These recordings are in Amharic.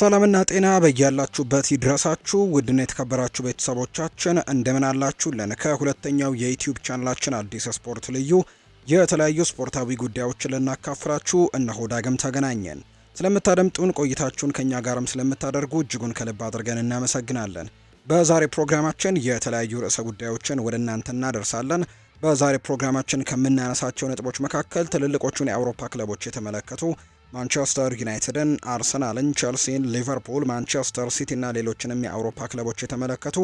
ሰላምና ጤና በያላችሁበት ይድረሳችሁ ውድና የተከበራችሁ ቤተሰቦቻችን እንደምን አላችሁልን? ከሁለተኛው የዩትዩብ ቻናላችን አዲስ ስፖርት ልዩ የተለያዩ ስፖርታዊ ጉዳዮችን ልናካፍራችሁ እነሆ ዳግም ተገናኘን። ስለምታደምጡን ቆይታችሁን ከእኛ ጋርም ስለምታደርጉ እጅጉን ከልብ አድርገን እናመሰግናለን። በዛሬ ፕሮግራማችን የተለያዩ ርዕሰ ጉዳዮችን ወደ እናንተ እናደርሳለን። በዛሬ ፕሮግራማችን ከምናነሳቸው ነጥቦች መካከል ትልልቆቹን የአውሮፓ ክለቦች የተመለከቱ ማንቸስተር ዩናይትድን፣ አርሰናልን፣ ቸልሲን፣ ሊቨርፑል፣ ማንቸስተር ሲቲ እና ሌሎችንም የአውሮፓ ክለቦች የተመለከቱ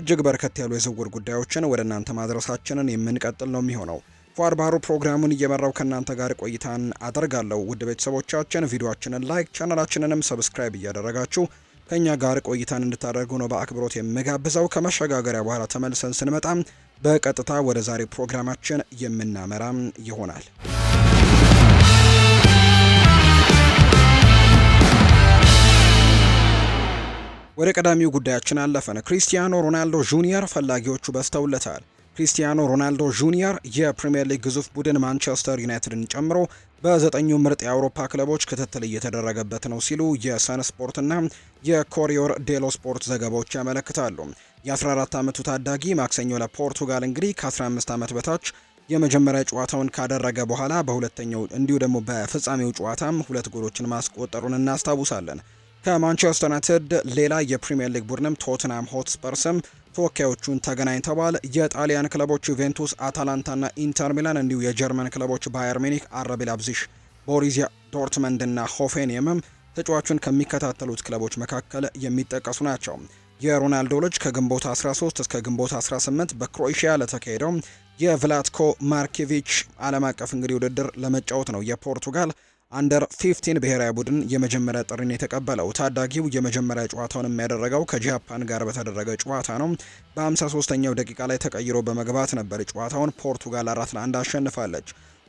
እጅግ በርከት ያሉ የዝውውር ጉዳዮችን ወደ እናንተ ማድረሳችንን የምንቀጥል ነው የሚሆነው። ፏር ባህሩ ፕሮግራሙን እየመራው ከእናንተ ጋር ቆይታን አደርጋለሁ። ውድ ቤተሰቦቻችን ቪዲዮችንን ላይክ ቻናላችንንም ሰብስክራይብ እያደረጋችሁ ከእኛ ጋር ቆይታን እንድታደርጉ ነው በአክብሮት የምጋብዘው። ከመሸጋገሪያ በኋላ ተመልሰን ስንመጣም በቀጥታ ወደ ዛሬ ፕሮግራማችን የምናመራም ይሆናል። ወደ ቀዳሚው ጉዳያችን አለፈን። ክሪስቲያኖ ሮናልዶ ጁኒየር ፈላጊዎቹ በስተውለታል ክሪስቲያኖ ሮናልዶ ጁኒየር የፕሪምየር ሊግ ግዙፍ ቡድን ማንቸስተር ዩናይትድን ጨምሮ በዘጠኙ ምርጥ የአውሮፓ ክለቦች ክትትል እየተደረገበት ነው ሲሉ የሰን ስፖርትና የኮሪዮር ዴሎ ስፖርት ዘገባዎች ያመለክታሉ። የ14 ዓመቱ ታዳጊ ማክሰኞ ለፖርቱጋል እንግዲህ ከ15 ዓመት በታች የመጀመሪያ ጨዋታውን ካደረገ በኋላ በሁለተኛው እንዲሁ ደግሞ በፍጻሜው ጨዋታም ሁለት ጎሎችን ማስቆጠሩን እናስታውሳለን። ከማንቸስተር ዩናይትድ ሌላ የፕሪምየር ሊግ ቡድንም ቶትናም ሆትስፐርስም ተወካዮቹን ተገናኝተዋል። የጣሊያን ክለቦች ዩቬንቱስ፣ አታላንታና ኢንተር ሚላን እንዲሁ የጀርመን ክለቦች ባየር ሚኒክ፣ አረቢ ላይፕዚግ፣ ቦሩሲያ ዶርትመንድና ሆፌንየምም ተጫዋቹን ከሚከታተሉት ክለቦች መካከል የሚጠቀሱ ናቸው። የሮናልዶ ልጅ ከግንቦት 13 እስከ ግንቦት 18 በክሮኤሽያ ለተካሄደው የቭላትኮ ማርኬቪች ዓለም አቀፍ እንግዲህ ውድድር ለመጫወት ነው የፖርቱጋል አንደር 15 ብሔራዊ ቡድን የመጀመሪያ ጥሪን የተቀበለው ታዳጊው የመጀመሪያ ጨዋታውን የሚያደረገው ከጃፓን ጋር በተደረገ ጨዋታ ነው። በ53ኛው ደቂቃ ላይ ተቀይሮ በመግባት ነበር ጨዋታውን ፖርቱጋል አራት ለአንድ አሸንፋለች።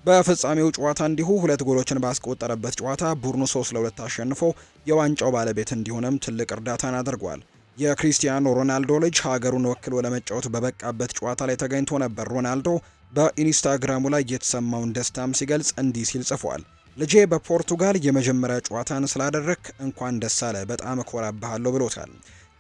በፍጻሜው ጨዋታ እንዲሁ ሁለት ጎሎችን ባስቆጠረበት ጨዋታ ቡድኑ 3 ለሁለት አሸንፎ የዋንጫው ባለቤት እንዲሆንም ትልቅ እርዳታን አድርጓል። የክሪስቲያኖ ሮናልዶ ልጅ ሀገሩን ወክሎ ለመጫወት በበቃበት ጨዋታ ላይ ተገኝቶ ነበር። ሮናልዶ በኢንስታግራሙ ላይ የተሰማውን ደስታም ሲገልጽ እንዲህ ሲል ጽፏል ልጄ በፖርቱጋል የመጀመሪያ ጨዋታን ስላደረክ እንኳን ደስ አለ፣ በጣም እኮራብሃለሁ ብሎታል።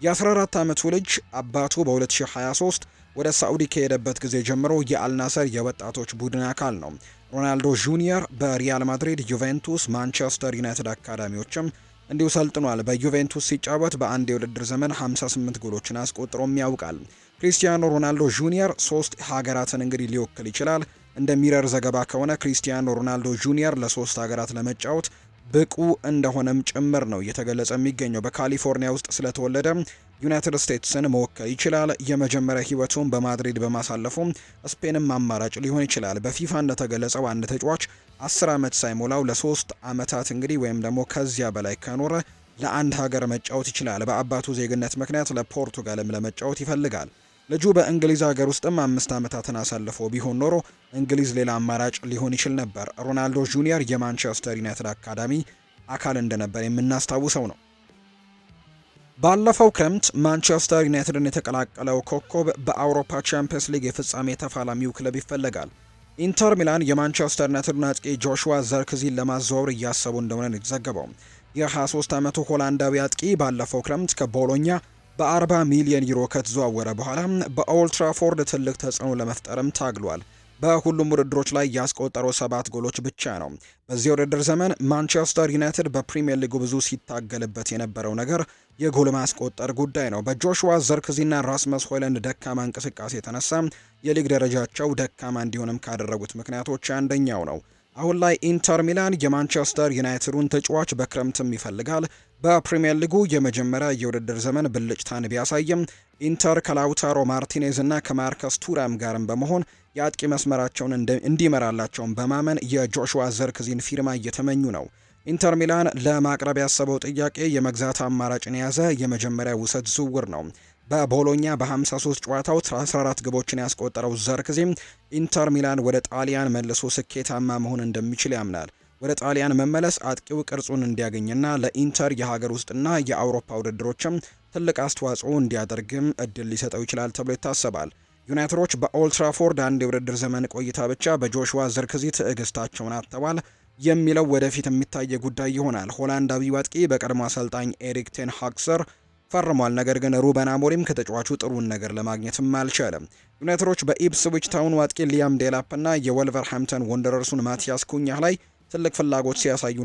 የ14 ዓመቱ ልጅ አባቱ በ2023 ወደ ሳዑዲ ከሄደበት ጊዜ ጀምሮ የአልናሰር የወጣቶች ቡድን አካል ነው። ሮናልዶ ጁኒየር በሪያል ማድሪድ፣ ዩቬንቱስ፣ ማንቸስተር ዩናይትድ አካዳሚዎችም እንዲሁ ሰልጥኗል። በዩቬንቱስ ሲጫወት በአንድ የውድድር ዘመን 58 ጎሎችን አስቆጥሮም ያውቃል። ክሪስቲያኖ ሮናልዶ ጁኒየር ሶስት ሀገራትን እንግዲህ ሊወክል ይችላል። እንደ ሚረር ዘገባ ከሆነ ክሪስቲያኖ ሮናልዶ ጁኒየር ለሶስት ሀገራት ለመጫወት ብቁ እንደሆነም ጭምር ነው እየተገለጸ የሚገኘው። በካሊፎርኒያ ውስጥ ስለተወለደ ዩናይትድ ስቴትስን መወከል ይችላል። የመጀመሪያ ህይወቱን በማድሪድ በማሳለፉ ስፔንም አማራጭ ሊሆን ይችላል። በፊፋ እንደተገለጸው አንድ ተጫዋች አስር ዓመት ሳይሞላው ለሶስት ዓመታት እንግዲህ ወይም ደግሞ ከዚያ በላይ ከኖረ ለአንድ ሀገር መጫወት ይችላል። በአባቱ ዜግነት ምክንያት ለፖርቱጋልም ለመጫወት ይፈልጋል። ልጁ በእንግሊዝ ሀገር ውስጥም አምስት ዓመታትን አሳልፎ ቢሆን ኖሮ እንግሊዝ ሌላ አማራጭ ሊሆን ይችል ነበር። ሮናልዶ ጁኒየር የማንቸስተር ዩናይትድ አካዳሚ አካል እንደነበር የምናስታውሰው ነው። ባለፈው ክረምት ማንቸስተር ዩናይትድን የተቀላቀለው ኮከብ በአውሮፓ ቻምፒየንስ ሊግ የፍጻሜ ተፋላሚው ክለብ ይፈለጋል። ኢንተር ሚላን የማንቸስተር ዩናይትድን አጥቂ ጆሹዋ ዘርክዚን ለማዘዋወር እያሰቡ እንደሆነ ነው የተዘገበው። የ23 ዓመቱ ሆላንዳዊ አጥቂ ባለፈው ክረምት ከቦሎኛ በ40 ሚሊዮን ዩሮ ከተዘዋወረ በኋላ በኦልትራፎርድ ትልቅ ተጽዕኖ ለመፍጠርም ታግሏል። በሁሉም ውድድሮች ላይ ያስቆጠረው ሰባት ጎሎች ብቻ ነው። በዚህ ውድድር ዘመን ማንቸስተር ዩናይትድ በፕሪምየር ሊጉ ብዙ ሲታገልበት የነበረው ነገር የጎል ማስቆጠር ጉዳይ ነው። በጆሹዋ ዘርክዚና ራስመስ ሆይለንድ ደካማ እንቅስቃሴ የተነሳ የሊግ ደረጃቸው ደካማ እንዲሆንም ካደረጉት ምክንያቶች አንደኛው ነው። አሁን ላይ ኢንተር ሚላን የማንቸስተር ዩናይትዱን ተጫዋች በክረምትም ይፈልጋል። በፕሪምየር ሊጉ የመጀመሪያ የውድድር ዘመን ብልጭታን ቢያሳይም ኢንተር ከላውታሮ ማርቲኔዝ እና ከማርከስ ቱራም ጋርም በመሆን የአጥቂ መስመራቸውን እንዲመራላቸውን በማመን የጆሹዋ ዘርክዚን ፊርማ እየተመኙ ነው። ኢንተር ሚላን ለማቅረብ ያሰበው ጥያቄ የመግዛት አማራጭን የያዘ የመጀመሪያ ውሰት ዝውውር ነው። በቦሎኛ በ53 ጨዋታዎች 14 ግቦችን ያስቆጠረው ዘርክዚም ኢንተር ሚላን ወደ ጣሊያን መልሶ ስኬታማ መሆን እንደሚችል ያምናል። ወደ ጣሊያን መመለስ አጥቂው ቅርጹን እንዲያገኝና ለኢንተር የሀገር ውስጥና የአውሮፓ ውድድሮችም ትልቅ አስተዋጽኦ እንዲያደርግም እድል ሊሰጠው ይችላል ተብሎ ይታሰባል። ዩናይትዶች በኦልትራፎርድ አንድ የውድድር ዘመን ቆይታ ብቻ በጆሽዋ ዘርክዚ ትዕግስታቸውን አጥተዋል የሚለው ወደፊት የሚታየ ጉዳይ ይሆናል። ሆላንዳዊው አጥቂ በቀድሞ አሰልጣኝ ኤሪክ ቴን ሃግ ስር ፈርሟል። ነገር ግን ሩበን አሞሪም ከተጫዋቹ ጥሩን ነገር ለማግኘትም አልቻለም። ዩናይትዶች በኢፕስዊች ታውን አጥቂ ሊያም ዴላፕ እና ሃምተን ወንደረርሱን ማቲያስ ኩኛህ ላይ ትልቅ ፍላጎት ሲያሳዩ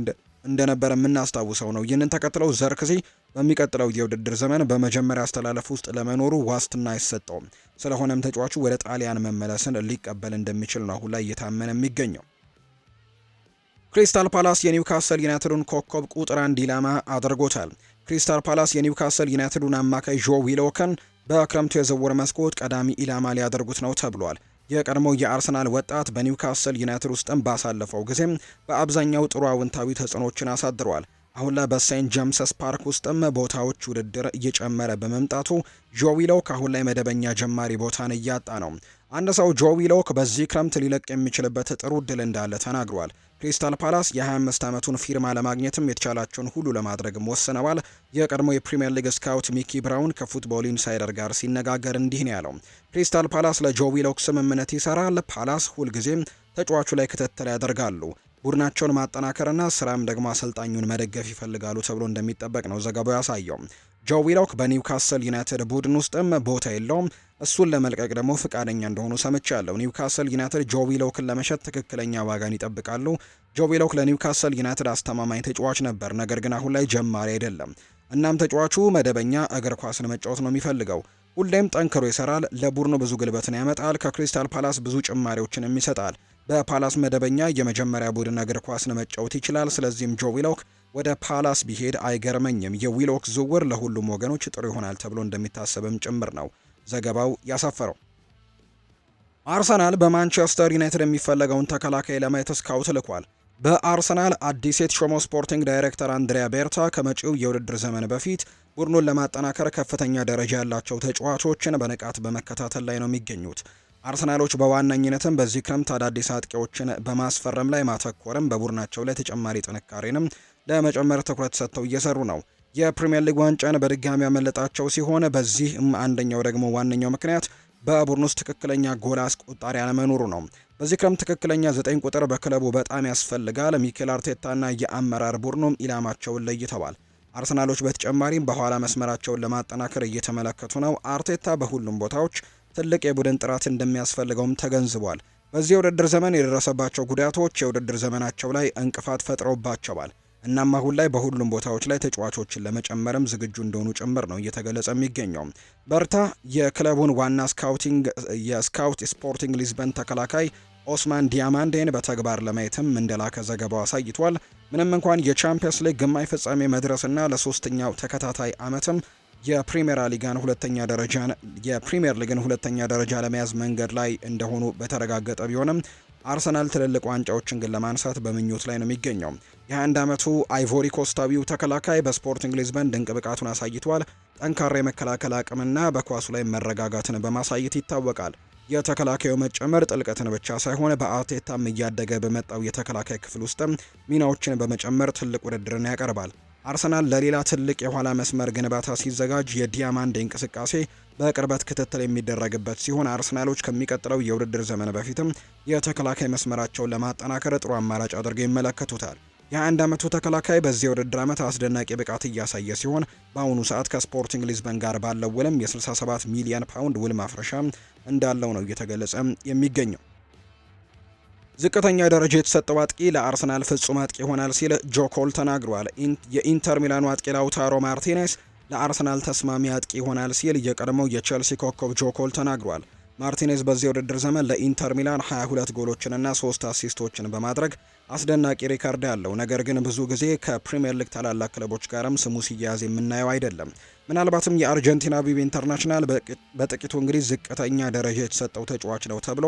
እንደነበረ የምናስታውሰው ነው። ይህንን ተከትለው ዘርክዚ በሚቀጥለው የውድድር ዘመን በመጀመሪያ አስተላለፍ ውስጥ ለመኖሩ ዋስትና አይሰጠውም። ስለሆነም ተጫዋቹ ወደ ጣሊያን መመለስን ሊቀበል እንደሚችል ነው አሁን ላይ እየታመነ የሚገኘው። ክሪስታል ፓላስ የኒውካስል ዩናይትዱን ኮከብ ቁጥር አንድ ኢላማ አድርጎታል። ክሪስታል ፓላስ የኒውካስል ዩናይትዱን አማካይ ዦ ዊሎከን በክረምቱ የዝውውር መስኮት ቀዳሚ ኢላማ ሊያደርጉት ነው ተብሏል። የቀድሞው የአርሰናል ወጣት በኒውካስል ዩናይትድ ውስጥም ባሳለፈው ጊዜም በአብዛኛው ጥሩ አውንታዊ ተጽዕኖችን አሳድሯል። አሁን ላይ በሴንት ጀምሰስ ፓርክ ውስጥም ቦታዎች ውድድር እየጨመረ በመምጣቱ ጆዊሎክ አሁን ላይ መደበኛ ጀማሪ ቦታን እያጣ ነው። አንድ ሰው ጆዊሎክ በዚህ ክረምት ሊለቅ የሚችልበት ጥሩ እድል እንዳለ ተናግሯል። ክሪስታል ፓላስ የ25 ዓመቱን ፊርማ ለማግኘትም የተቻላቸውን ሁሉ ለማድረግም ወስነዋል። የቀድሞ የፕሪምየር ሊግ ስካውት ሚኪ ብራውን ከፉትቦል ኢንሳይደር ጋር ሲነጋገር እንዲህ ነው ያለው። ክሪስታል ፓላስ ለጆ ዊሎክ ስምምነት ይሰራል። ፓላስ ሁልጊዜም ተጫዋቹ ላይ ክትትል ያደርጋሉ። ቡድናቸውን ማጠናከርና ስራም ደግሞ አሰልጣኙን መደገፍ ይፈልጋሉ ተብሎ እንደሚጠበቅ ነው ዘገባው ያሳየው። ጆ ዊሎክ በኒውካስል ዩናይትድ ቡድን ውስጥም ቦታ የለውም። እሱን ለመልቀቅ ደግሞ ፍቃደኛ እንደሆኑ ሰምቻለሁ። ኒውካስል ዩናይትድ ጆ ዊሎክን ለመሸጥ ትክክለኛ ዋጋን ይጠብቃሉ። ጆ ዊሎክ ለኒውካስል ዩናይትድ አስተማማኝ ተጫዋች ነበር፣ ነገር ግን አሁን ላይ ጀማሪ አይደለም። እናም ተጫዋቹ መደበኛ እግር ኳስን መጫወት ነው የሚፈልገው። ሁሌም ጠንክሮ ይሰራል። ለቡድኑ ብዙ ግልበትን ያመጣል። ከክሪስታል ፓላስ ብዙ ጭማሪዎችንም ይሰጣል። በፓላስ መደበኛ የመጀመሪያ ቡድን እግር ኳስን መጫወት ይችላል። ስለዚህም ጆ ዊሎክ ወደ ፓላስ ቢሄድ አይገርመኝም። የዊሎክ ዝውውር ለሁሉም ወገኖች ጥሩ ይሆናል ተብሎ እንደሚታሰብም ጭምር ነው ዘገባው ያሰፈረው። አርሰናል በማንቸስተር ዩናይትድ የሚፈለገውን ተከላካይ ለማየት ስካውት ልኳል። በአርሰናል አዲስ የተሾመው ስፖርቲንግ ዳይሬክተር አንድሪያ ቤርታ ከመጪው የውድድር ዘመን በፊት ቡድኑን ለማጠናከር ከፍተኛ ደረጃ ያላቸው ተጫዋቾችን በንቃት በመከታተል ላይ ነው የሚገኙት። አርሰናሎች በዋነኝነትም በዚህ ክረምት አዳዲስ አጥቂዎችን በማስፈረም ላይ ማተኮርም በቡድናቸው ላይ ተጨማሪ ጥንካሬንም ለመጨመር ትኩረት ሰጥተው እየሰሩ ነው። የፕሪምየር ሊግ ዋንጫን በድጋሚ ያመለጣቸው ሲሆን በዚህም አንደኛው ደግሞ ዋነኛው ምክንያት በቡድን ውስጥ ትክክለኛ ጎል አስቆጣሪ አለመኖሩ ነው። በዚህ ክረምት ትክክለኛ ዘጠኝ ቁጥር በክለቡ በጣም ያስፈልጋል። ሚኬል አርቴታና የአመራር ቡድኑም ኢላማቸውን ለይተዋል። አርሰናሎች በተጨማሪም በኋላ መስመራቸውን ለማጠናከር እየተመለከቱ ነው። አርቴታ በሁሉም ቦታዎች ትልቅ የቡድን ጥራት እንደሚያስፈልገውም ተገንዝቧል። በዚህ የውድድር ዘመን የደረሰባቸው ጉዳቶች የውድድር ዘመናቸው ላይ እንቅፋት ፈጥረውባቸዋል። እናም አሁን ላይ በሁሉም ቦታዎች ላይ ተጫዋቾችን ለመጨመርም ዝግጁ እንደሆኑ ጭምር ነው እየተገለጸ የሚገኘው። በርታ የክለቡን ዋና ስካውቲንግ የስካውት ስፖርቲንግ ሊዝበን ተከላካይ ኦስማን ዲያማንዴን በተግባር ለማየትም እንደላከ ዘገባው አሳይቷል። ምንም እንኳን የቻምፒየንስ ሊግ ግማሽ ፍጻሜ መድረስና ለሶስተኛው ተከታታይ ዓመትም የፕሪሚየር ሊጋን ሁለተኛ ደረጃን የፕሪሚየር ሊግን ሁለተኛ ደረጃ ለመያዝ መንገድ ላይ እንደሆኑ በተረጋገጠ ቢሆንም አርሰናል ትልልቅ ዋንጫዎችን ግን ለማንሳት በምኞት ላይ ነው የሚገኘው። የአንድ ዓመቱ አይቮሪ ኮስታዊው ተከላካይ በስፖርቲንግ ሊዝበን ድንቅ ብቃቱን አሳይቷል። ጠንካራ የመከላከል አቅምና በኳሱ ላይ መረጋጋትን በማሳየት ይታወቃል። የተከላካዩ መጨመር ጥልቀትን ብቻ ሳይሆን በአርቴታም እያደገ በመጣው የተከላካይ ክፍል ውስጥም ሚናዎችን በመጨመር ትልቅ ውድድርን ያቀርባል። አርሰናል ለሌላ ትልቅ የኋላ መስመር ግንባታ ሲዘጋጅ የዲያማንድ እንቅስቃሴ በቅርበት ክትትል የሚደረግበት ሲሆን አርሰናሎች ከሚቀጥለው የውድድር ዘመን በፊትም የተከላካይ መስመራቸውን ለማጠናከር ጥሩ አማራጭ አድርገው ይመለከቱታል። የአንድ ዓመቱ ተከላካይ በዚህ ውድድር ዓመት አስደናቂ ብቃት እያሳየ ሲሆን በአሁኑ ሰዓት ከስፖርቲንግ ሊዝበን ጋር ባለው ውልም የ67 ሚሊዮን ፓውንድ ውል ማፍረሻ እንዳለው ነው እየተገለጸ የሚገኘው። ዝቅተኛ ደረጃ የተሰጠው አጥቂ ለአርሰናል ፍጹም አጥቂ ይሆናል ሲል ጆኮል ተናግሯል። የኢንተር ሚላኑ አጥቂ ላውታሮ ማርቲኔስ ለአርሰናል ተስማሚ አጥቂ ይሆናል ሲል የቀድሞው የቼልሲ ኮከብ ጆኮል ተናግሯል። ማርቲኔዝ በዚህ ውድድር ዘመን ለኢንተር ሚላን 22 ጎሎችንና 3 አሲስቶችን በማድረግ አስደናቂ ሪካርድ ያለው ነገር ግን ብዙ ጊዜ ከፕሪምየር ሊግ ታላላቅ ክለቦች ጋርም ስሙ ሲያያዝ የምናየው አይደለም። ምናልባትም የአርጀንቲና ቢቢ ኢንተርናሽናል በጥቂቱ እንግዲህ ዝቅተኛ ደረጃ የተሰጠው ተጫዋች ነው ተብሎ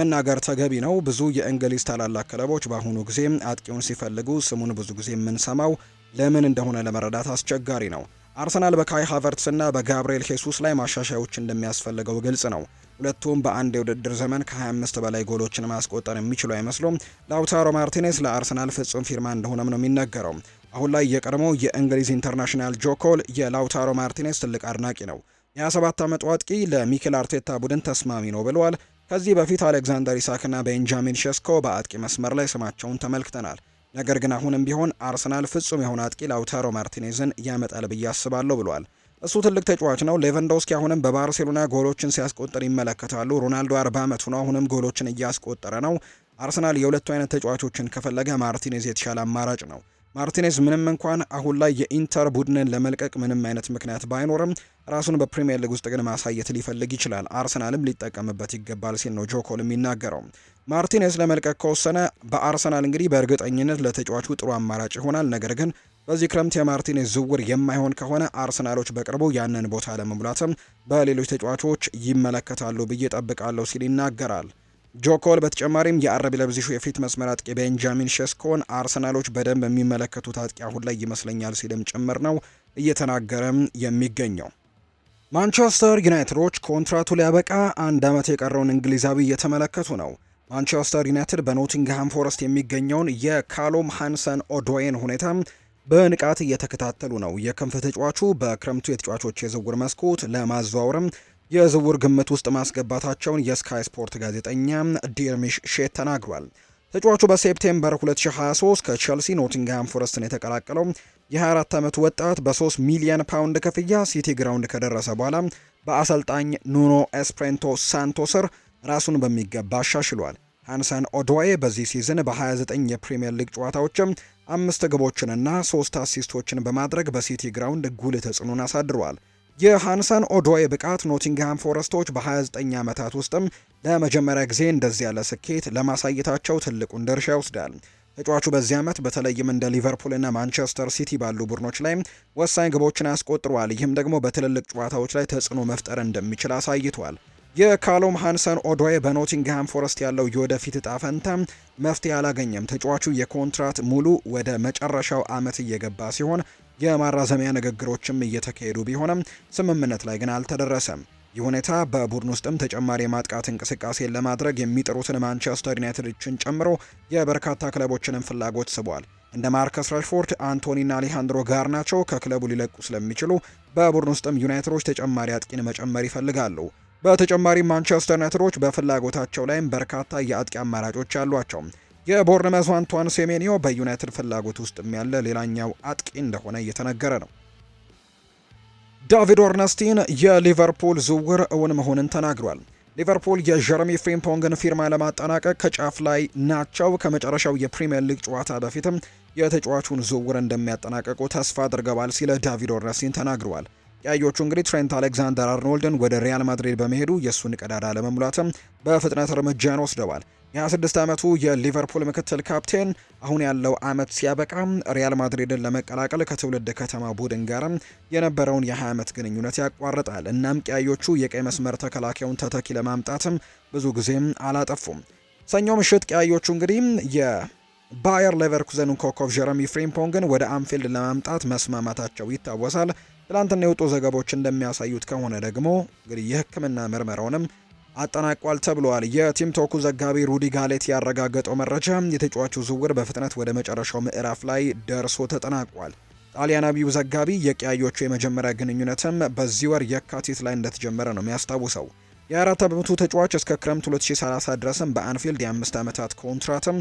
መናገር ተገቢ ነው። ብዙ የእንግሊዝ ታላላቅ ክለቦች በአሁኑ ጊዜ አጥቂውን ሲፈልጉ ስሙን ብዙ ጊዜ የምንሰማው ለምን እንደሆነ ለመረዳት አስቸጋሪ ነው። አርሰናል በካይ ሃቨርትስ እና በጋብርኤል ሄሱስ ላይ ማሻሻያዎች እንደሚያስፈልገው ግልጽ ነው። ሁለቱም በአንድ የውድድር ዘመን ከ25 በላይ ጎሎችን ማስቆጠር የሚችሉ አይመስሉም። ላውታሮ ማርቲኔስ ለአርሰናል ፍጹም ፊርማ እንደሆነም ነው የሚነገረው። አሁን ላይ የቀድሞ የእንግሊዝ ኢንተርናሽናል ጆኮል የላውታሮ ማርቲኔስ ትልቅ አድናቂ ነው። የ27 ዓመቱ አጥቂ ለሚኬል አርቴታ ቡድን ተስማሚ ነው ብለዋል። ከዚህ በፊት አሌክዛንደር ኢሳክና ቤንጃሚን ሸስኮ በአጥቂ መስመር ላይ ስማቸውን ተመልክተናል። ነገር ግን አሁንም ቢሆን አርሰናል ፍጹም የሆነ አጥቂ ላውታሮ ማርቲኔዝን ያመጣል ብዬ አስባለሁ ብሏል። እሱ ትልቅ ተጫዋች ነው። ሌቫንዶስኪ አሁንም በባርሴሎና ጎሎችን ሲያስቆጥር ይመለከታሉ። ሮናልዶ 40 ዓመቱ ነው፣ አሁንም ጎሎችን እያስቆጠረ ነው። አርሰናል የሁለቱ አይነት ተጫዋቾችን ከፈለገ ማርቲኔዝ የተሻለ አማራጭ ነው። ማርቲኔዝ ምንም እንኳን አሁን ላይ የኢንተር ቡድንን ለመልቀቅ ምንም አይነት ምክንያት ባይኖርም ራሱን በፕሪምየር ሊግ ውስጥ ግን ማሳየት ሊፈልግ ይችላል። አርሰናልም ሊጠቀምበት ይገባል ሲል ነው ጆኮል የሚናገረው። ማርቲኔዝ ለመልቀቅ ከወሰነ በአርሰናል እንግዲህ በእርግጠኝነት ለተጫዋቹ ጥሩ አማራጭ ይሆናል። ነገር ግን በዚህ ክረምት የማርቲኔዝ ዝውውር የማይሆን ከሆነ አርሰናሎች በቅርቡ ያንን ቦታ ለመሙላትም በሌሎች ተጫዋቾች ይመለከታሉ ብዬ ጠብቃለሁ ሲል ይናገራል። ጆኮል በተጨማሪም የአረብ ለብዚሹ የፊት መስመር አጥቂ ቤንጃሚን ሸስኮን አርሰናሎች በደንብ የሚመለከቱት አጥቂ አሁን ላይ ይመስለኛል ሲልም ጭምር ነው እየተናገረም የሚገኘው። ማንቸስተር ዩናይትዶች ኮንትራቱ ሊያበቃ አንድ ዓመት የቀረውን እንግሊዛዊ እየተመለከቱ ነው። ማንቸስተር ዩናይትድ በኖቲንግሃም ፎረስት የሚገኘውን የካሎም ሃንሰን ኦዶዌን ሁኔታ በንቃት እየተከታተሉ ነው። የክንፍ ተጫዋቹ በክረምቱ የተጫዋቾች የዝውውር መስኮት ለማዘዋወርም የዝውውር ግምት ውስጥ ማስገባታቸውን የስካይ ስፖርት ጋዜጠኛ ዲርሚሽ ሼት ተናግሯል። ተጫዋቹ በሴፕቴምበር 2023 ከቼልሲ ኖቲንግሃም ፎረስትን የተቀላቀለው የ24 ዓመቱ ወጣት በ3 ሚሊዮን ፓውንድ ክፍያ ሲቲ ግራውንድ ከደረሰ በኋላ በአሰልጣኝ ኑኖ ኤስፕሬንቶ ሳንቶ ስር ራሱን በሚገባ አሻሽሏል። ሃንሰን ኦዶዌ በዚህ ሲዝን በ29 የፕሪምየር ሊግ ጨዋታዎችም አምስት ግቦችንና ሶስት አሲስቶችን በማድረግ በሲቲ ግራውንድ ጉል ተጽዕኖን አሳድረዋል። የሃንሰን ኦዶዌ ብቃት ኖቲንግሃም ፎረስቶች በ29 ዓመታት ውስጥም ለመጀመሪያ ጊዜ እንደዚህ ያለ ስኬት ለማሳየታቸው ትልቁን ድርሻ ይወስዳል። ተጫዋቹ በዚህ ዓመት በተለይም እንደ ሊቨርፑልና ማንቸስተር ሲቲ ባሉ ቡድኖች ላይ ወሳኝ ግቦችን አስቆጥሯል። ይህም ደግሞ በትልልቅ ጨዋታዎች ላይ ተጽዕኖ መፍጠር እንደሚችል አሳይቷል። የካሎም ሃንሰን ኦዶይ በኖቲንግሃም ፎረስት ያለው የወደፊት እጣ ፈንታ መፍትሄ አላገኘም። ተጫዋቹ የኮንትራት ሙሉ ወደ መጨረሻው ዓመት እየገባ ሲሆን የማራዘሚያ ንግግሮችም እየተካሄዱ ቢሆንም ስምምነት ላይ ግን አልተደረሰም። ይህ ሁኔታ በቡድን ውስጥም ተጨማሪ የማጥቃት እንቅስቃሴን ለማድረግ የሚጥሩትን ማንቸስተር ዩናይትዶችን ጨምሮ የበርካታ ክለቦችንም ፍላጎት ስቧል። እንደ ማርከስ ራሽፎርድ፣ አንቶኒና አሊሃንድሮ ጋር ናቸው ከክለቡ ሊለቁ ስለሚችሉ በቡድን ውስጥም ዩናይትዶች ተጨማሪ አጥቂን መጨመር ይፈልጋሉ። በተጨማሪም ማንቸስተር ዩናይትዶች በፍላጎታቸው ላይም በርካታ የአጥቂ አማራጮች አሏቸው። የቦርነመዝ አንቷን ሴሜኒዮ በዩናይትድ ፍላጎት ውስጥ ያለ ሌላኛው አጥቂ እንደሆነ እየተነገረ ነው። ዳቪድ ኦርነስቲን የሊቨርፑል ዝውውር እውን መሆንን ተናግሯል። ሊቨርፑል የጀረሚ ፍሪምፖንግን ፊርማ ለማጠናቀቅ ከጫፍ ላይ ናቸው። ከመጨረሻው የፕሪምየር ሊግ ጨዋታ በፊትም የተጫዋቹን ዝውውር እንደሚያጠናቀቁ ተስፋ አድርገዋል ሲለ ዳቪድ ኦርነስቲን ተናግረዋል። ቀያዮቹ እንግዲህ ትሬንት አሌክዛንደር አርኖልድን ወደ ሪያል ማድሪድ በመሄዱ የእሱን ቀዳዳ ለመሙላትም በፍጥነት እርምጃን ወስደዋል። የ26 ዓመቱ የሊቨርፑል ምክትል ካፕቴን አሁን ያለው ዓመት ሲያበቃ ሪያል ማድሪድን ለመቀላቀል ከትውልድ ከተማ ቡድን ጋርም የነበረውን የ20 ዓመት ግንኙነት ያቋርጣል። እናም ቀያዮቹ የቀይ መስመር ተከላካዩን ተተኪ ለማምጣትም ብዙ ጊዜም አላጠፉም። ሰኞ ምሽት ቀያዮቹ እንግዲህ የባየር ሌቨርኩዘን ኮኮቭ ጀረሚ ፍሪምፖንግን ወደ አንፊልድ ለማምጣት መስማማታቸው ይታወሳል። ትላንትና የወጡ ዘገባዎች እንደሚያሳዩት ከሆነ ደግሞ እንግዲህ የሕክምና ምርመራውንም አጠናቋል ተብሏል። የቲም ቶኩ ዘጋቢ ሩዲ ጋሌት ያረጋገጠው መረጃ የተጫዋቹ ዝውውር በፍጥነት ወደ መጨረሻው ምዕራፍ ላይ ደርሶ ተጠናቋል። ጣሊያናዊው ዘጋቢ የቀያዮቹ የመጀመሪያ ግንኙነትም በዚህ ወር የካቲት ላይ እንደተጀመረ ነው የሚያስታውሰው። የአራት ዓመቱ ተጫዋች እስከ ክረምት 2030 ድረስም በአንፊልድ የአምስት ዓመታት ኮንትራትም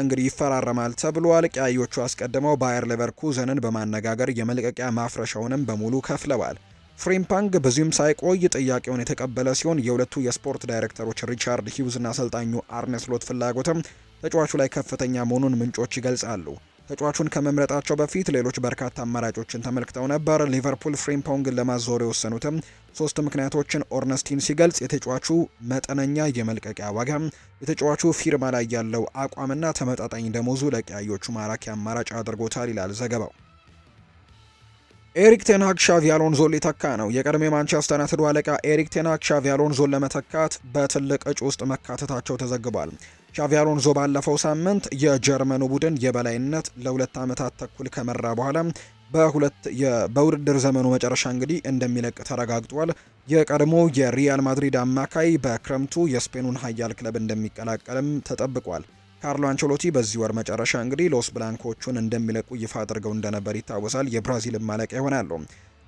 እንግዲህ ይፈራረማል ተብሏል። ቀያዮቹ አስቀድመው ባየር ሌቨርኩዘንን በማነጋገር የመልቀቂያ ማፍረሻውንም በሙሉ ከፍለዋል። ፍሪምፓንግ ብዙም ሳይቆይ ጥያቄውን የተቀበለ ሲሆን የሁለቱ የስፖርት ዳይሬክተሮች ሪቻርድ ና አሰልጣኙ አርኔ ፍላጎትም ተጫዋቹ ላይ ከፍተኛ መሆኑን ምንጮች ይገልጻሉ። ተጫዋቹን ከመምረጣቸው በፊት ሌሎች በርካታ አማራጮችን ተመልክተው ነበር። ሊቨርፑል ፍሪምፖንግን ለማዞር የወሰኑትም ሶስት ምክንያቶችን ኦርነስቲን ሲገልጽ የተጫዋቹ መጠነኛ የመልቀቂያ ዋጋ፣ የተጫዋቹ ፊርማ ላይ ያለው አቋምና ተመጣጣኝ ደሞዙ ለቀያዮቹ ማራኪ አማራጭ አድርጎታል ይላል ዘገባው። ኤሪክ ቴንሃግ ሻቪ አሎንዞን ሊተካ ነው። የቀድሞ ማንቸስተር ዩናይትድ አለቃ ኤሪክ ቴንሃግ ሻቪ አሎንዞን ለመተካት በትልቅ እጩ ውስጥ መካተታቸው ተዘግቧል። ሻቪ አሎንዞ ባለፈው ሳምንት የጀርመኑ ቡድን የበላይነት ለሁለት ዓመታት ተኩል ከመራ በኋላ በሁለት በውድድር ዘመኑ መጨረሻ እንግዲህ እንደሚለቅ ተረጋግጧል። የቀድሞ የሪያል ማድሪድ አማካይ በክረምቱ የስፔኑን ኃያል ክለብ እንደሚቀላቀልም ተጠብቋል። ካርሎ አንቸሎቲ በዚህ ወር መጨረሻ እንግዲህ ሎስ ብላንኮቹን እንደሚለቁ ይፋ አድርገው እንደነበር ይታወሳል። የብራዚልን ማለቂያ ይሆናሉ።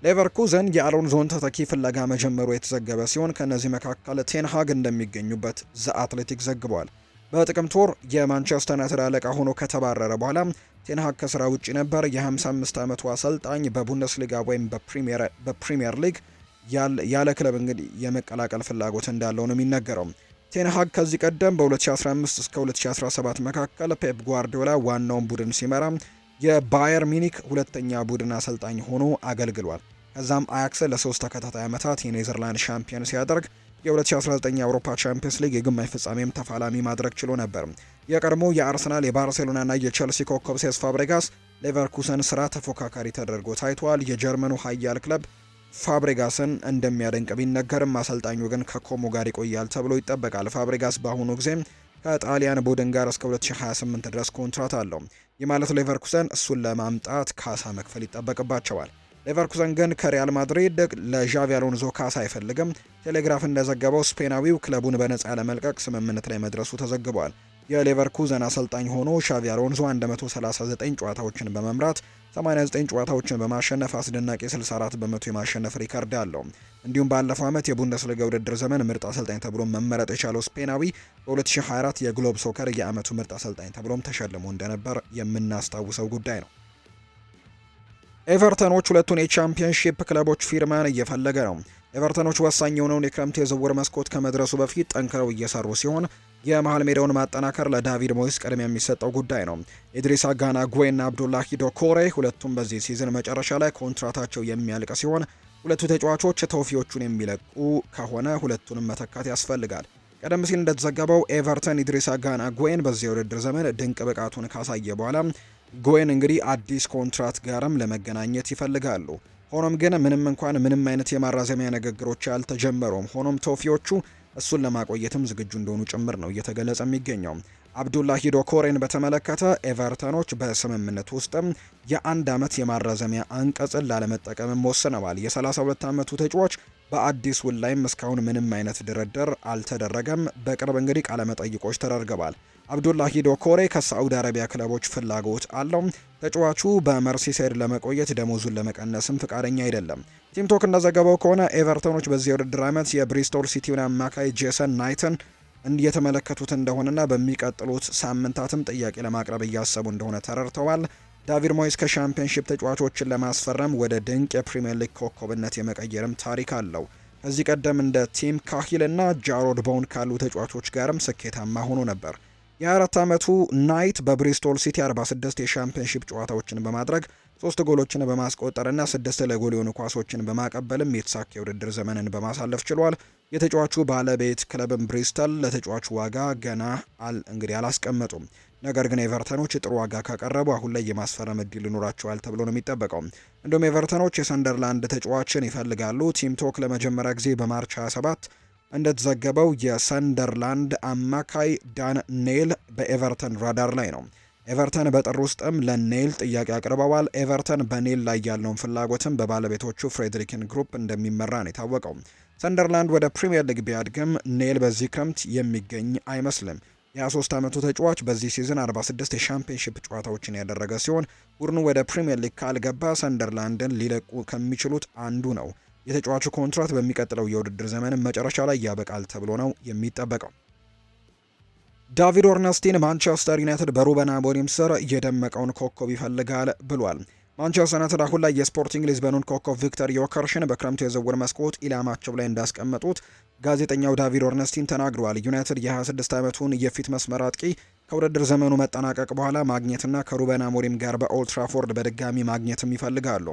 ሌቨርኩዘን የአሎንዞን ተተኪ ፍለጋ መጀመሩ የተዘገበ ሲሆን ከእነዚህ መካከል ቴንሃግ እንደሚገኙበት ዘ አትሌቲክ ዘግቧል። በጥቅምት ወር የማንቸስተር ዩናይትድ አለቃ ሆኖ ከተባረረ በኋላ ቴንሃግ ከስራ ውጪ ነበር። የ55 ዓመቱ አሰልጣኝ በቡንደስሊጋ ወይም በፕሪሚየር ሊግ ያለ ክለብ እንግዲህ የመቀላቀል ፍላጎት እንዳለው ነው የሚነገረው። ቴንሃግ ከዚህ ቀደም በ2015 እስከ 2017 መካከል ፔፕ ጓርዲዮላ ዋናውን ቡድን ሲመራ የባየር ሚኒክ ሁለተኛ ቡድን አሰልጣኝ ሆኖ አገልግሏል። ከዛም አያክስ ለሶስት ተከታታይ ዓመታት የኔዘርላንድ ሻምፒዮን ሲያደርግ የ2019 የአውሮፓ ቻምፒየንስ ሊግ የግማሽ ፍጻሜም ተፋላሚ ማድረግ ችሎ ነበር። የቀድሞ የአርሰናል የባርሴሎናና የቼልሲ ኮከብ ሴስ ፋብሬጋስ ሌቨርኩሰን ስራ ተፎካካሪ ተደርጎ ታይቷል። የጀርመኑ ኃያል ክለብ ፋብሬጋስን እንደሚያደንቅ ቢነገርም አሰልጣኙ ግን ከኮሞ ጋር ይቆያል ተብሎ ይጠበቃል። ፋብሬጋስ በአሁኑ ጊዜ ከጣሊያን ቡድን ጋር እስከ 2028 ድረስ ኮንትራት አለው። ይህ ማለት ሌቨርኩሰን እሱን ለማምጣት ካሳ መክፈል ይጠበቅባቸዋል። ሌቨርኩዘን ግን ከሪያል ማድሪድ ለዣቪ አሎንዞ ካሳ አይፈልግም። ቴሌግራፍ እንደዘገበው ስፔናዊው ክለቡን በነፃ ለመልቀቅ ስምምነት ላይ መድረሱ ተዘግቧል። የሌቨርኩዘን አሰልጣኝ ሆኖ ሻቪ አሎንዞ 139 ጨዋታዎችን በመምራት 89 ጨዋታዎችን በማሸነፍ አስደናቂ 64 በመቶ የማሸነፍ ሪካርድ አለው። እንዲሁም ባለፈው ዓመት የቡንደስሊጋ ውድድር ዘመን ምርጥ አሰልጣኝ ተብሎ መመረጥ የቻለው ስፔናዊ በ2024 የግሎብ ሶከር የዓመቱ ምርጥ አሰልጣኝ ተብሎም ተሸልሞ እንደነበር የምናስታውሰው ጉዳይ ነው። ኤቨርተኖች ሁለቱን የቻምፒየንሺፕ ክለቦች ፊርማን እየፈለገ ነው። ኤቨርተኖች ወሳኝ የሆነውን የክረምት የዝውውር መስኮት ከመድረሱ በፊት ጠንክረው እየሰሩ ሲሆን የመሀል ሜዳውን ማጠናከር ለዳቪድ ሞይስ ቅድሚያ የሚሰጠው ጉዳይ ነው። ኢድሪሳ ጋና ጉዌና አብዱላሂ ዶኮሬ ሁለቱም በዚህ ሲዝን መጨረሻ ላይ ኮንትራታቸው የሚያልቅ ሲሆን ሁለቱ ተጫዋቾች ተውፊዎቹን የሚለቁ ከሆነ ሁለቱንም መተካት ያስፈልጋል። ቀደም ሲል እንደተዘገበው ኤቨርተን ኢድሪሳ ጋና ጉዌን በዚህ የውድድር ዘመን ድንቅ ብቃቱን ካሳየ በኋላ ጎይን እንግዲህ አዲስ ኮንትራት ጋርም ለመገናኘት ይፈልጋሉ። ሆኖም ግን ምንም እንኳን ምንም አይነት የማራዘሚያ ንግግሮች አልተጀመሩም። ሆኖም ቶፊዎቹ እሱን ለማቆየትም ዝግጁ እንደሆኑ ጭምር ነው እየተገለጸ የሚገኘው። አብዱላሂ ዶኮሬን በተመለከተ ኤቨርተኖች በስምምነት ውስጥም የአንድ ዓመት የማራዘሚያ አንቀጽን ላለመጠቀምም ወስነዋል። የ32 ዓመቱ ተጫዋች በአዲስ ውል ላይም እስካሁን ምንም አይነት ድርድር አልተደረገም። በቅርብ እንግዲህ ቃለመጠይቆች ተደርገዋል። አብዱላሂ ዶኮሬ ከሳዑዲ አረቢያ ክለቦች ፍላጎት አለው። ተጫዋቹ በመርሲሳይድ ለመቆየት ደሞዙን ለመቀነስም ፍቃደኛ አይደለም። ቲምቶክ እንደዘገበው ከሆነ ኤቨርተኖች በዚህ ውድድር ዓመት የብሪስቶል ሲቲውን አማካይ ጄሰን ናይትን እየተመለከቱት እንደሆነና በሚቀጥሉት ሳምንታትም ጥያቄ ለማቅረብ እያሰቡ እንደሆነ ተረድተዋል። ዳቪድ ሞይስ ከሻምፒዮንሺፕ ተጫዋቾችን ለማስፈረም ወደ ድንቅ የፕሪምየር ሊግ ኮከብነት የመቀየርም ታሪክ አለው። ከዚህ ቀደም እንደ ቲም ካሂል እና ጃሮድ ቦውን ካሉ ተጫዋቾች ጋርም ስኬታማ ሆኖ ነበር። የአራት ዓመቱ ናይት በብሪስቶል ሲቲ 46 የሻምፒዮንሺፕ ጨዋታዎችን በማድረግ ሶስት ጎሎችን በማስቆጠርና ስድስት ለጎል የሆኑ ኳሶችን በማቀበልም የተሳካ የውድድር ዘመንን በማሳለፍ ችሏል። የተጫዋቹ ባለቤት ክለብን ብሪስተል ለተጫዋቹ ዋጋ ገና አል እንግዲህ አላስቀመጡም። ነገር ግን ኤቨርተኖች ጥሩ ዋጋ ካቀረቡ አሁን ላይ የማስፈረም እድል ሊኖራቸዋል ተብሎ ነው የሚጠበቀው። እንዲሁም ኤቨርተኖች የሰንደርላንድ ተጫዋችን ይፈልጋሉ። ቲም ቶክ ለመጀመሪያ ጊዜ በማርች 27 እንደተዘገበው የሰንደርላንድ አማካይ ዳን ኔል በኤቨርተን ራዳር ላይ ነው። ኤቨርተን በጥር ውስጥም ለኔል ጥያቄ አቅርበዋል። ኤቨርተን በኔል ላይ ያለውን ፍላጎትም በባለቤቶቹ ፍሬድሪክን ግሩፕ እንደሚመራ ነው የታወቀው። ሰንደርላንድ ወደ ፕሪምየር ሊግ ቢያድግም ኔል በዚህ ክረምት የሚገኝ አይመስልም። የ23 ዓመቱ ተጫዋች በዚህ ሲዝን 46 የሻምፒዮንሺፕ ጨዋታዎችን ያደረገ ሲሆን ቡድኑ ወደ ፕሪምየር ሊግ ካልገባ ሰንደርላንድን ሊለቁ ከሚችሉት አንዱ ነው። የተጫዋቹ ኮንትራት በሚቀጥለው የውድድር ዘመን መጨረሻ ላይ ያበቃል ተብሎ ነው የሚጠበቀው። ዳቪድ ኦርነስቲን ማንቸስተር ዩናይትድ በሩበን አሞሪም ስር የደመቀውን ኮከብ ይፈልጋል ብሏል። ማንቸስተር ዩናይትድ አሁን ላይ የስፖርቲንግ ሊዝበኑን ኮከብ ቪክተር ዮከርሽን በክረምቱ የዝውውር መስኮት ኢላማቸው ላይ እንዳስቀመጡት ጋዜጠኛው ዳቪድ ኦርነስቲን ተናግረዋል። ዩናይትድ የ26 ዓመቱን የፊት መስመር አጥቂ ከውድድር ዘመኑ መጠናቀቅ በኋላ ማግኘትና ከሩበን አሞሪም ጋር በኦልትራፎርድ በድጋሚ ማግኘትም ይፈልጋሉ።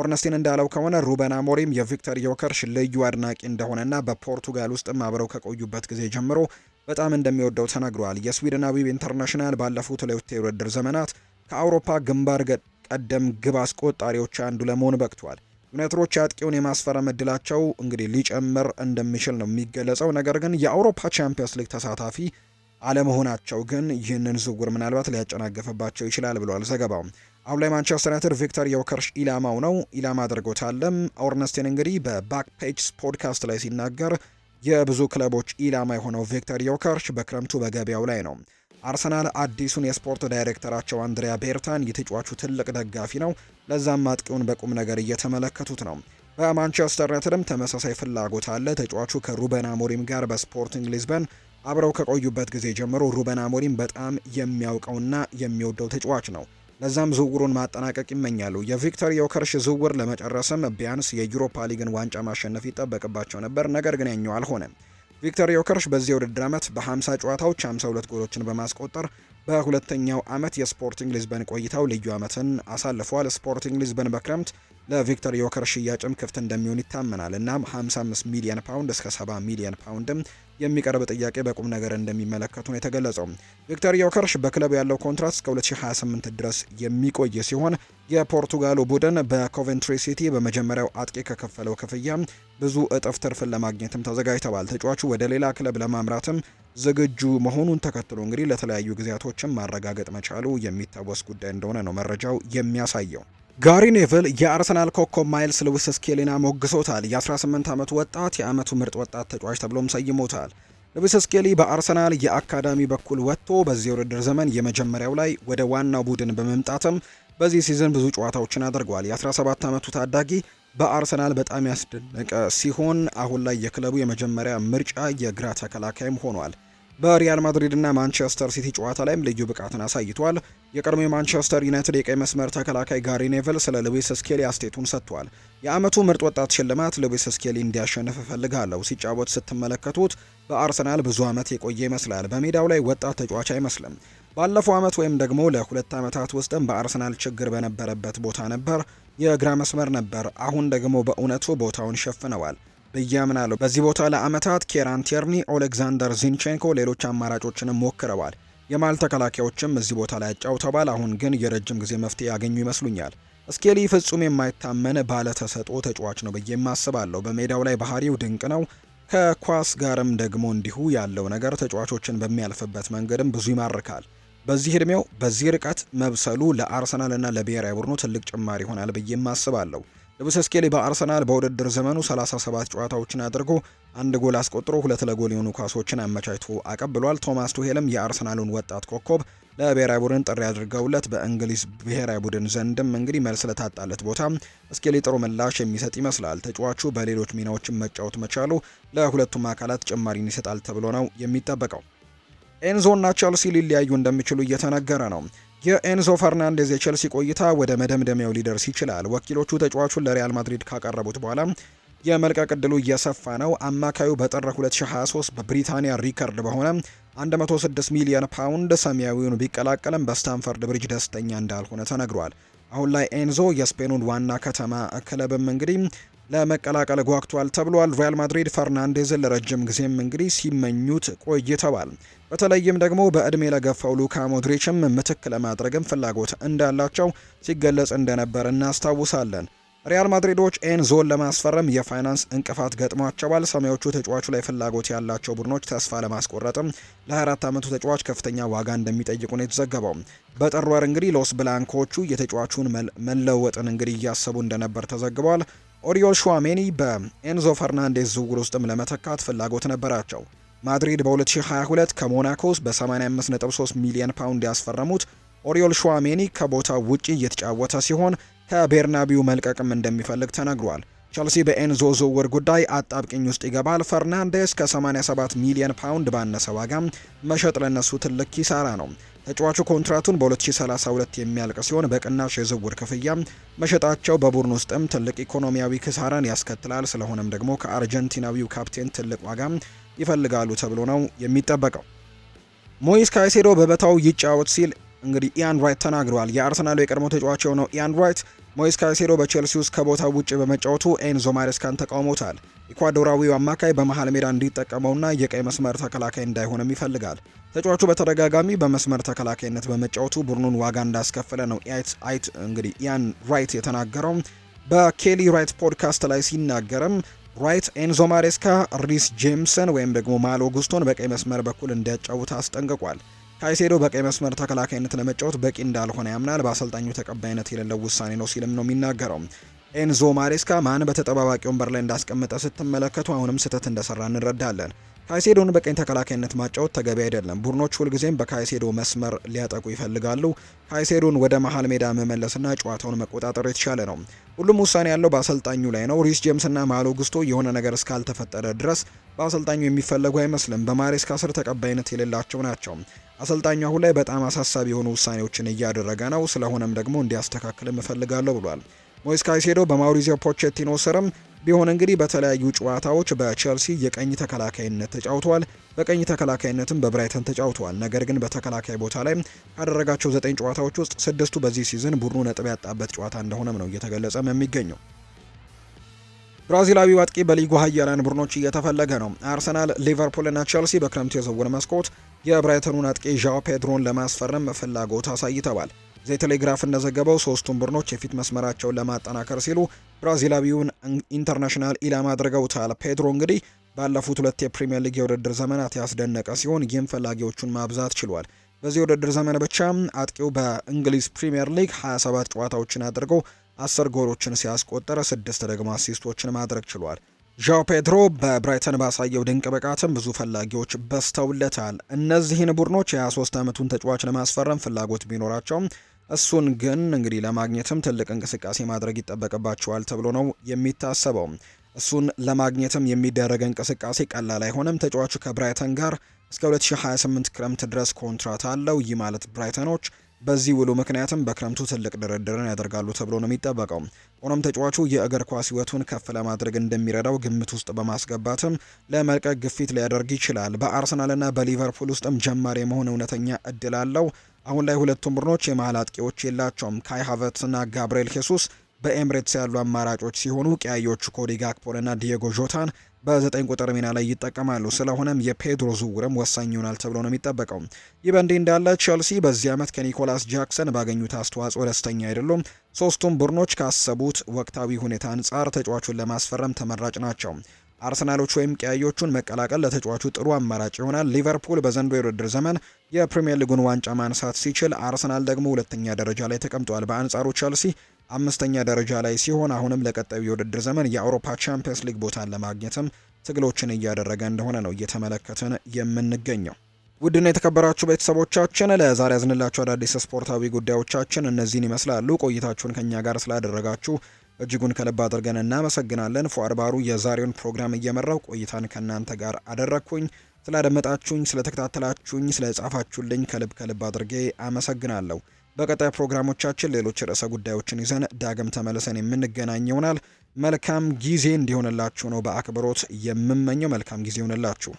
ኦርነስቲን እንዳለው ከሆነ ሩበን አሞሪም የቪክተር ዮከርሽ ልዩ አድናቂ እንደሆነና በፖርቱጋል ውስጥም አብረው ከቆዩበት ጊዜ ጀምሮ በጣም እንደሚወደው ተናግረዋል። የስዊድናዊው ኢንተርናሽናል ባለፉት ሁለት የውድድር ዘመናት ከአውሮፓ ግንባር ቀደም ግብ አስቆጣሪዎች አንዱ ለመሆን በቅቷል። ዩናይትዶች አጥቂውን የማስፈረም እድላቸው እንግዲህ ሊጨምር እንደሚችል ነው የሚገለጸው። ነገር ግን የአውሮፓ ቻምፒየንስ ሊግ ተሳታፊ አለመሆናቸው ግን ይህንን ዝውውር ምናልባት ሊያጨናገፍባቸው ይችላል ብሏል ዘገባው። አሁን ላይ ማንቸስተር ዩናይትድ ቪክተር ዮከርሽ ኢላማው ነው ኢላማ አድርጎታለም። ኦርነስቴን እንግዲህ በባክ ፔጅስ ፖድካስት ላይ ሲናገር የብዙ ክለቦች ኢላማ የሆነው ቪክተር ዮከርሽ በክረምቱ በገበያው ላይ ነው። አርሰናል አዲሱን የስፖርት ዳይሬክተራቸው አንድሪያ ቤርታን የተጫዋቹ ትልቅ ደጋፊ ነው። ለዛም አጥቂውን በቁም ነገር እየተመለከቱት ነው። በማንቸስተር ዩናይትድም ተመሳሳይ ፍላጎት አለ። ተጫዋቹ ከሩበን አሞሪም ጋር በስፖርቲንግ ሊዝበን አብረው ከቆዩበት ጊዜ ጀምሮ ሩበን አሞሪም በጣም የሚያውቀውና የሚወደው ተጫዋች ነው። ለዛም ዝውውሩን ማጠናቀቅ ይመኛሉ። የቪክተር ዮከርሽ ዝውውር ለመጨረስም ቢያንስ የዩሮፓ ሊግን ዋንጫ ማሸነፍ ይጠበቅባቸው ነበር፣ ነገር ግን ያኛው አልሆነም። ቪክተር ዮከርሽ በዚህ የውድድር ዓመት በ50 ጨዋታዎች 52 ጎሎችን በማስቆጠር በሁለተኛው ዓመት የስፖርቲንግ ሊዝበን ቆይታው ልዩ ዓመትን አሳልፏል። ስፖርቲንግ ሊዝበን በክረምት ለቪክተር ዮከር ሽያጭም ክፍት እንደሚሆን ይታመናል። እናም 55 ሚሊዮን ፓውንድ እስከ 70 ሚሊዮን ፓውንድም የሚቀርብ ጥያቄ በቁም ነገር እንደሚመለከቱ ነው የተገለጸው። ቪክተር ዮከርሽ በክለቡ ያለው ኮንትራት እስከ 2028 ድረስ የሚቆይ ሲሆን የፖርቱጋሉ ቡድን በኮቨንትሪ ሲቲ በመጀመሪያው አጥቂ ከከፈለው ክፍያ ብዙ እጥፍ ትርፍን ለማግኘትም ተዘጋጅተዋል። ተጫዋቹ ወደ ሌላ ክለብ ለማምራትም ዝግጁ መሆኑን ተከትሎ እንግዲህ ለተለያዩ ጊዜያቶችም ማረጋገጥ መቻሉ የሚታወስ ጉዳይ እንደሆነ ነው መረጃው የሚያሳየው። ጋሪ ኔቭል የአርሰናል ኮከብ ማይልስ ልዊስ ስኬሊን ሞግሶታል። የ18 ዓመቱ ወጣት የዓመቱ ምርጥ ወጣት ተጫዋች ተብሎም ሰይሞታል። ልዊስ ስኬሊ በአርሰናል የአካዳሚ በኩል ወጥቶ በዚህ ውድድር ዘመን የመጀመሪያው ላይ ወደ ዋናው ቡድን በመምጣትም በዚህ ሲዝን ብዙ ጨዋታዎችን አድርጓል። የ17 ዓመቱ ታዳጊ በአርሰናል በጣም ያስደነቀ ሲሆን አሁን ላይ የክለቡ የመጀመሪያ ምርጫ የግራ ተከላካይም ሆኗል። በሪያል ማድሪድና ማንቸስተር ሲቲ ጨዋታ ላይም ልዩ ብቃትን አሳይቷል። የቀድሞ የማንቸስተር ዩናይትድ የቀይ መስመር ተከላካይ ጋሪ ኔቨል ስለ ሉዊስ ስኬሊ አስቴቱን ሰጥቷል። የአመቱ ምርጥ ወጣት ሽልማት ሉዊስ ስኬሊ እንዲያሸንፍ እፈልጋለሁ። ሲጫወት ስትመለከቱት በአርሰናል ብዙ ዓመት የቆየ ይመስላል። በሜዳው ላይ ወጣት ተጫዋች አይመስልም። ባለፈው ዓመት ወይም ደግሞ ለሁለት ዓመታት ውስጥም በአርሰናል ችግር በነበረበት ቦታ ነበር፣ የግራ መስመር ነበር። አሁን ደግሞ በእውነቱ ቦታውን ሸፍነዋል። ብዬ አምናለሁ። በዚህ ቦታ ለአመታት ኬራን ቴርኒ፣ ኦሌግዛንደር ዚንቼንኮ፣ ሌሎች አማራጮችንም ሞክረዋል። የማል ተከላካዮችም እዚህ ቦታ ላይ አጫውተዋል። አሁን ግን የረጅም ጊዜ መፍትሄ ያገኙ ይመስሉኛል። ስኬሊ ፍጹም የማይታመን ባለ ተጫዋች ነው ብዬ አስባለሁ። በሜዳው ላይ ባህሪው ድንቅ ነው። ከኳስ ጋርም ደግሞ እንዲሁ ያለው ነገር ተጫዋቾችን በሚያልፍበት መንገድም ብዙ ይማርካል። በዚህ እድሜው በዚህ ርቀት መብሰሉ ለአርሰናልና ለብሔራዊ ቡድኑ ትልቅ ጭማሪ ይሆናል ብዬ አስባለሁ። ሉዊስ በአርሰናል በውድድር ዘመኑ 37 ጨዋታዎችን አድርጎ አንድ ጎል አስቆጥሮ ሁለት ለጎል የሆኑ ኳሶችን አመቻችቶ አቀብሏል። ቶማስ ቱሄልም የአርሰናሉን ወጣት ኮከብ ለብሔራዊ ቡድን ጥሪ አድርገውለት በእንግሊዝ ብሔራዊ ቡድን ዘንድም እንግዲህ መልስ ለታጣለት ቦታ ስኬሊ ጥሩ ምላሽ የሚሰጥ ይመስላል። ተጫዋቹ በሌሎች ሚናዎችን መጫወት መቻሉ ለሁለቱም አካላት ጭማሪን ይሰጣል ተብሎ ነው የሚጠበቀው። ኤንዞና ቸልሲ ሊለያዩ እንደሚችሉ እየተነገረ ነው። የኤንዞ ፈርናንዴዝ የቼልሲ ቆይታ ወደ መደምደሚያው ሊደርስ ይችላል። ወኪሎቹ ተጫዋቹን ለሪያል ማድሪድ ካቀረቡት በኋላ የመልቀቅ ዕድሉ እየሰፋ ነው። አማካዩ በጥር 2023 በብሪታንያ ሪከርድ በሆነ 106 ሚሊዮን ፓውንድ ሰማያዊውን ቢቀላቀልም በስታንፈርድ ብሪጅ ደስተኛ እንዳልሆነ ተነግሯል። አሁን ላይ ኤንዞ የስፔኑን ዋና ከተማ ክለብም እንግዲህ ለመቀላቀል ጓግቷል ተብሏል። ሪያል ማድሪድ ፈርናንዴዝን ለረጅም ጊዜም እንግዲህ ሲመኙት ቆይተዋል። በተለይም ደግሞ በእድሜ ለገፋው ሉካ ሞድሪችም ምትክ ለማድረግም ፍላጎት እንዳላቸው ሲገለጽ እንደነበር እናስታውሳለን። ሪያል ማድሪዶች ኤንዞን ለማስፈረም የፋይናንስ እንቅፋት ገጥሟቸዋል። ሰማዮቹ ተጫዋቹ ላይ ፍላጎት ያላቸው ቡድኖች ተስፋ ለማስቆረጥም ለ24 ዓመቱ ተጫዋች ከፍተኛ ዋጋ እንደሚጠይቁ ነው የተዘገበው። በጥር ወር እንግዲህ ሎስ ብላንኮቹ የተጫዋቹን መለወጥን እንግዲህ እያሰቡ እንደነበር ተዘግቧል። ኦሪዮል ሹዋሜኒ በኤንዞ ፈርናንዴስ ዝውውር ውስጥም ለመተካት ፍላጎት ነበራቸው። ማድሪድ በ2022 ከሞናኮስ በ85.3 ሚሊዮን ፓውንድ ያስፈረሙት ኦሪዮል ሹዋሜኒ ከቦታው ውጪ እየተጫወተ ሲሆን ከቤርናቢው መልቀቅም እንደሚፈልግ ተነግሯል። ቸልሲ በኤንዞ ዝውውር ጉዳይ አጣብቅኝ ውስጥ ይገባል። ፈርናንዴስ ከ87 ሚሊዮን ፓውንድ ባነሰ ዋጋ መሸጥ ለነሱ ትልቅ ኪሳራ ነው። ተጫዋቹ ኮንትራቱን በ2032 የሚያልቅ ሲሆን በቅናሽ የዝውውር ክፍያ መሸጣቸው በቡድን ውስጥም ትልቅ ኢኮኖሚያዊ ኪሳራን ያስከትላል። ስለሆነም ደግሞ ከአርጀንቲናዊው ካፕቴን ትልቅ ዋጋ ይፈልጋሉ ተብሎ ነው የሚጠበቀው። ሞይስ ካይሴዶ በበታው ይጫወት ሲል እንግዲህ ኢያን ራይት ተናግረዋል። የአርሰናሉ የቀድሞ ተጫዋቸው ነው ኢያን ራይት ሞይስ ካይሴዶ በቼልሲ ውስጥ ከቦታ ውጭ በመጫወቱ ኤንዞ ማሬስካን ተቃውሞታል። ኢኳዶራዊው አማካይ በመሃል ሜዳ እንዲጠቀመውና የቀይ መስመር ተከላካይ እንዳይሆንም ይፈልጋል። ተጫዋቹ በተደጋጋሚ በመስመር ተከላካይነት በመጫወቱ ቡድኑን ዋጋ እንዳስከፈለ ነው አይት እንግዲህ ኢያን ራይት የተናገረው። በኬሊ ራይት ፖድካስት ላይ ሲናገርም ራይት ኤንዞ ማሬስካ ሪስ ጄምሰን ወይም ደግሞ ማሎ ጉስቶን በቀይ መስመር በኩል እንዲያጫውት አስጠንቅቋል። ካይሴዶ በቀይ መስመር ተከላካይነት ለመጫወት በቂ እንዳልሆነ ያምናል። በአሰልጣኙ ተቀባይነት የሌለው ውሳኔ ነው ሲልም ነው የሚናገረው። ኤንዞ ማሬስካ ማን በተጠባባቂ ወንበር ላይ እንዳስቀመጠ ስትመለከቱ አሁንም ስህተት እንደሰራ እንረዳለን። ካይሴዶን በቀኝ ተከላካይነት ማጫወት ተገቢ አይደለም። ቡድኖች ሁልጊዜም በካይሴዶ መስመር ሊያጠቁ ይፈልጋሉ። ካይሴዶን ወደ መሀል ሜዳ መመለስና ጨዋታውን መቆጣጠር የተሻለ ነው። ሁሉም ውሳኔ ያለው በአሰልጣኙ ላይ ነው። ሪስ ጄምስና ማሎ ጉስቶ የሆነ ነገር እስካልተፈጠረ ድረስ በአሰልጣኙ የሚፈለጉ አይመስልም። በማሬስካ ስር ተቀባይነት የሌላቸው ናቸው። አሰልጣኙ አሁን ላይ በጣም አሳሳቢ የሆኑ ውሳኔዎችን እያደረገ ነው። ስለሆነም ደግሞ እንዲያስተካክልም እፈልጋለሁ ብሏል። ሞይስ ካይሴዶ በማውሪዚዮ ፖቼቲኖ ስርም ቢሆን እንግዲህ በተለያዩ ጨዋታዎች በቼልሲ የቀኝ ተከላካይነት ተጫውተዋል። በቀኝ ተከላካይነትም በብራይተን ተጫውተዋል። ነገር ግን በተከላካይ ቦታ ላይ ካደረጋቸው ዘጠኝ ጨዋታዎች ውስጥ ስድስቱ በዚህ ሲዝን ቡድኑ ነጥብ ያጣበት ጨዋታ እንደሆነም ነው እየተገለጸም የሚገኘው። ብራዚላዊው አጥቂ በሊጉ ሀያላን ቡድኖች እየተፈለገ ነው። አርሰናል፣ ሊቨርፑልና ቼልሲ በክረምት የዝውውር መስኮት የብራይተኑን አጥቂ ዣኦ ፔድሮን ለማስፈረም ፍላጎት አሳይተዋል። ዘቴሌግራፍ እንደዘገበው ሶስቱም ቡድኖች የፊት መስመራቸውን ለማጠናከር ሲሉ ብራዚላዊውን ኢንተርናሽናል ኢላማ አድርገውታል። ፔድሮ እንግዲህ ባለፉት ሁለት የፕሪምየር ሊግ የውድድር ዘመናት ያስደነቀ ሲሆን ይህም ፈላጊዎቹን ማብዛት ችሏል። በዚህ የውድድር ዘመን ብቻ አጥቂው በእንግሊዝ ፕሪምየር ሊግ 27 ጨዋታዎችን አድርገው 10 ጎሎችን ሲያስቆጠረ ስድስት ደግሞ አሲስቶችን ማድረግ ችሏል። ዣው ፔድሮ በብራይተን ባሳየው ድንቅ ብቃትም ብዙ ፈላጊዎች በስተውለታል። እነዚህን ቡድኖች የ23 ዓመቱን ተጫዋች ለማስፈረም ፍላጎት ቢኖራቸውም እሱን ግን እንግዲህ ለማግኘትም ትልቅ እንቅስቃሴ ማድረግ ይጠበቅባቸዋል ተብሎ ነው የሚታሰበው። እሱን ለማግኘትም የሚደረግ እንቅስቃሴ ቀላል አይሆንም። ተጫዋቹ ከብራይተን ጋር እስከ 2028 ክረምት ድረስ ኮንትራት አለው። ይህ ማለት ብራይተኖች በዚህ ውሉ ምክንያትም በክረምቱ ትልቅ ድርድርን ያደርጋሉ ተብሎ ነው የሚጠበቀው። ሆኖም ተጫዋቹ የእግር ኳስ ሕይወቱን ከፍ ለማድረግ እንደሚረዳው ግምት ውስጥ በማስገባትም ለመልቀቅ ግፊት ሊያደርግ ይችላል። በአርሰናልና በሊቨርፑል ውስጥም ጀማሪ መሆን እውነተኛ እድል አለው። አሁን ላይ ሁለቱም ቡድኖች የመሀል አጥቂዎች የላቸውም። ካይ ሃቨርትዝና ጋብርኤል ሄሱስ በኤምሬትስ ያሉ አማራጮች ሲሆኑ ቀያዮቹ ኮዲ ጋክፖልና ዲየጎ ጆታን በዘጠኝ ቁጥር ሚና ላይ ይጠቀማሉ። ስለሆነም የፔድሮ ዝውውርም ወሳኝ ይሆናል ተብሎ ነው የሚጠበቀው። ይህ በእንዲህ እንዳለ ቼልሲ በዚህ ዓመት ከኒኮላስ ጃክሰን ባገኙት አስተዋጽኦ ደስተኛ አይደሉም። ሶስቱም ቡድኖች ካሰቡት ወቅታዊ ሁኔታ አንጻር ተጫዋቹን ለማስፈረም ተመራጭ ናቸው። አርሰናሎች ወይም ቀያዮቹን መቀላቀል ለተጫዋቹ ጥሩ አማራጭ ይሆናል። ሊቨርፑል በዘንድሮው የውድድር ዘመን የፕሪምየር ሊጉን ዋንጫ ማንሳት ሲችል፣ አርሰናል ደግሞ ሁለተኛ ደረጃ ላይ ተቀምጧል። በአንጻሩ ቸልሲ አምስተኛ ደረጃ ላይ ሲሆን አሁንም ለቀጣዩ የውድድር ዘመን የአውሮፓ ቻምፒየንስ ሊግ ቦታን ለማግኘትም ትግሎችን እያደረገ እንደሆነ ነው እየተመለከትን የምንገኘው። ውድና የተከበራችሁ ቤተሰቦቻችን ለዛሬ ያዝንላችሁ አዳዲስ ስፖርታዊ ጉዳዮቻችን እነዚህን ይመስላሉ። ቆይታችሁን ከኛ ጋር ስላደረጋችሁ እጅጉን ከልብ አድርገን እናመሰግናለን። ፏርባሩ የዛሬውን ፕሮግራም እየመራው ቆይታን ከእናንተ ጋር አደረግኩኝ። ስላደመጣችሁኝ፣ ስለተከታተላችሁኝ፣ ስለጻፋችሁልኝ ከልብ ከልብ አድርጌ አመሰግናለሁ። በቀጣይ ፕሮግራሞቻችን ሌሎች ርዕሰ ጉዳዮችን ይዘን ዳግም ተመልሰን የምንገናኝ ይሆናል። መልካም ጊዜ እንዲሆንላችሁ ነው በአክብሮት የምመኘው። መልካም ጊዜ ይሆንላችሁ።